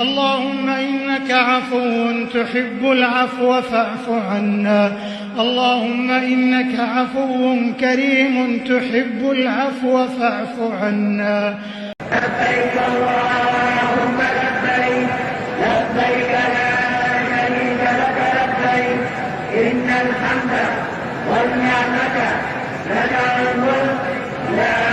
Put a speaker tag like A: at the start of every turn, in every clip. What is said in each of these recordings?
A: اللهم إنك عفو تحب العفو فاعف عنا اللهم إنك عفو كريم تحب العفو فاعف عنا
B: لبيك اللهم لبيك لبيك لا شريك لك لبيك إن الحمد والنعمة لك الملك لا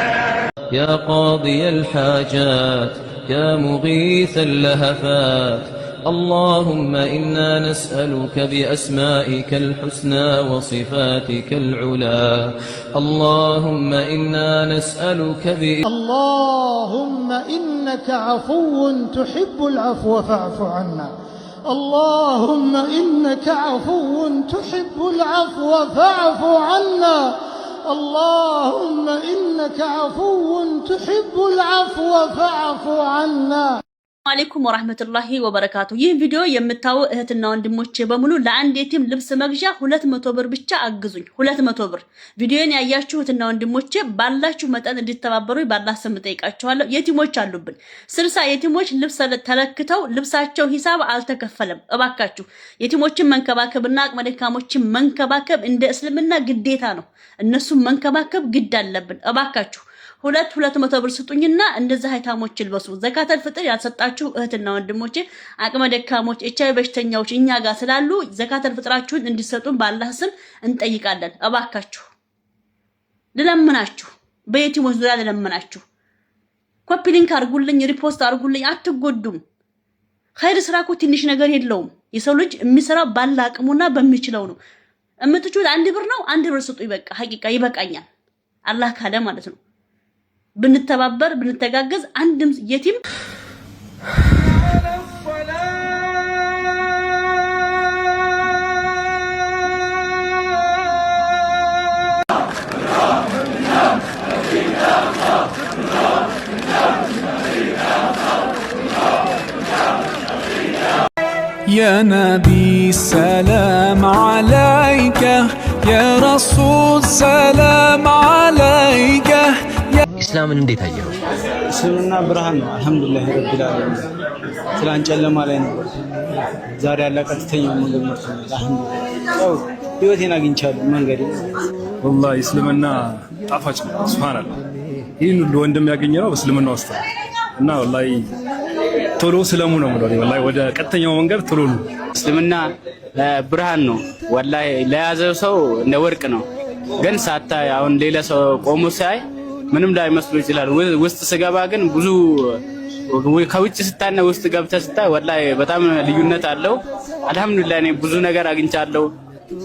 C: يا قاضي الحاجات يا مغيث اللهفات اللهم إنا نسألك بأسمائك الحسنى وصفاتك العلا اللهم إنا نسألك ب...
A: اللهم إنك عفو تحب العفو فاعف عنا اللهم إنك عفو تحب العفو فاعف عنا اللهم إنك عفو تحب العفو فاعف عنا
D: አሌይኩም ወራህመቱላሂ ወበረካቱ። ይህ ቪዲዮ የምታዩ እህትና ወንድሞቼ በሙሉ ለአንድ የቲም ልብስ መግዣ ሁለት መቶ ብር ብቻ አግዙኝ። ሁለት መቶ ብር ቪዲዮን ያያችሁ እህትና ወንድሞቼ ባላችሁ መጠን እንዲተባበሩ ባላህ ስም ጠይቃችኋለሁ። የቲሞች አሉብን፣ ስልሳ የቲሞች ልብስ ተለክተው ልብሳቸው ሂሳብ አልተከፈለም። እባካችሁ የቲሞችን መንከባከብና አቅመ ደካሞችን መንከባከብ እንደ እስልምና ግዴታ ነው። እነሱም መንከባከብ ግድ አለብን። እባካችሁ ሁለት ሁለት መቶ ብር ስጡኝና እንደዚህ ሀይታሞች ይልበሱ። ዘካተል ፍጥር ያልሰጣችሁ እህትና ወንድሞች አቅመ ደካሞች፣ ኤች አይ በሽተኛዎች እኛ ጋር ስላሉ ዘካተል ፍጥራችሁን እንዲሰጡን ባላህ ስም እንጠይቃለን። እባካችሁ ልለምናችሁ፣ በየቲሞች ዙሪያ ልለምናችሁ። ኮፒ ሊንክ አድርጉልኝ፣ ሪፖስት አርጉልኝ። አትጎዱም። ኸይር ስራ እኮ ትንሽ ነገር የለውም። የሰው ልጅ የሚሰራው ባለ አቅሙና በሚችለው ነው። የምትችሉት አንድ ብር ነው። አንድ ብር ስጡ። ይበቃ ሀቂቃ ይበቃኛል፣ አላህ ካለ ማለት ነው። ብንተባበር ብንተጋገዝ አንድም የቲም
E: يا نبي سلام عليك يا رسول سلام عليك
F: እስላምን እንዴት አየኸው? እስልምና ብርሃን ነው። አልሐምዱሊላህ ረቢል ዓለሚን። ትላንት ጨለማ ላይ ነው፣ ዛሬ ያለ ቀጥተኛው መንገድ መርቶ ነው። አልሐምዱሊላህ ያው ህይወቴን አግኝቻለሁ። መንገድ
G: ወላሂ እስልምና ጣፋጭ ነው። ሱብሃንአላህ ይህን ሁሉ ወንድም ያገኘ ነው በእስልምና ውስጥ እና ወላሂ ቶሎ ስለሙ ነው የምለው ወላሂ ወደ ቀጥተኛው መንገድ ቶሎ ነው።
H: እስልምና ብርሃን ነው ወላሂ ለያዘው ሰው እንደ ወርቅ ነው። ግን ሳታይ አሁን ሌላ ሰው ቆሞ ሳይ ምንም ላይመስሉ ይችላል። ውስጥ ስገባ ግን ብዙ ከውጭ ስታና ውስጥ ገብተ ስታይ ወላሂ በጣም ልዩነት አለው። አልሐምዱሊላህ እኔ ብዙ ነገር አግኝቻለሁ።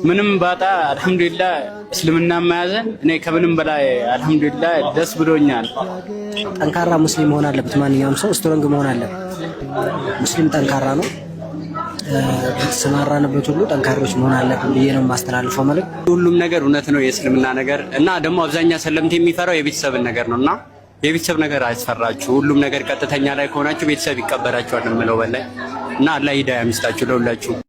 H: ምንም ባጣ አልሐምዱሊላህ እስልምና መያዘን እኔ ከምንም በላይ አልሐምዱሊላህ ደስ ብሎኛል።
I: ጠንካራ ሙስሊም መሆን አለበት። ማንኛውም ሰው ስትሮንግ መሆን አለበት። ሙስሊም ጠንካራ ነው። በተሰማራንበት ሁሉ ጠንካሮች መሆን አለብን ብዬ ነው የማስተላልፈው መልዕክት።
J: ሁሉም ነገር እውነት ነው የእስልምና ነገር እና ደግሞ አብዛኛ ሰለምት የሚፈራው የቤተሰብን ነገር ነው እና የቤተሰብ ነገር አያስፈራችሁ። ሁሉም ነገር ቀጥተኛ ላይ ከሆናችሁ ቤተሰብ ይቀበላችኋል የምለው በላይ እና አላህ ሂዳያ ለሁላችሁ።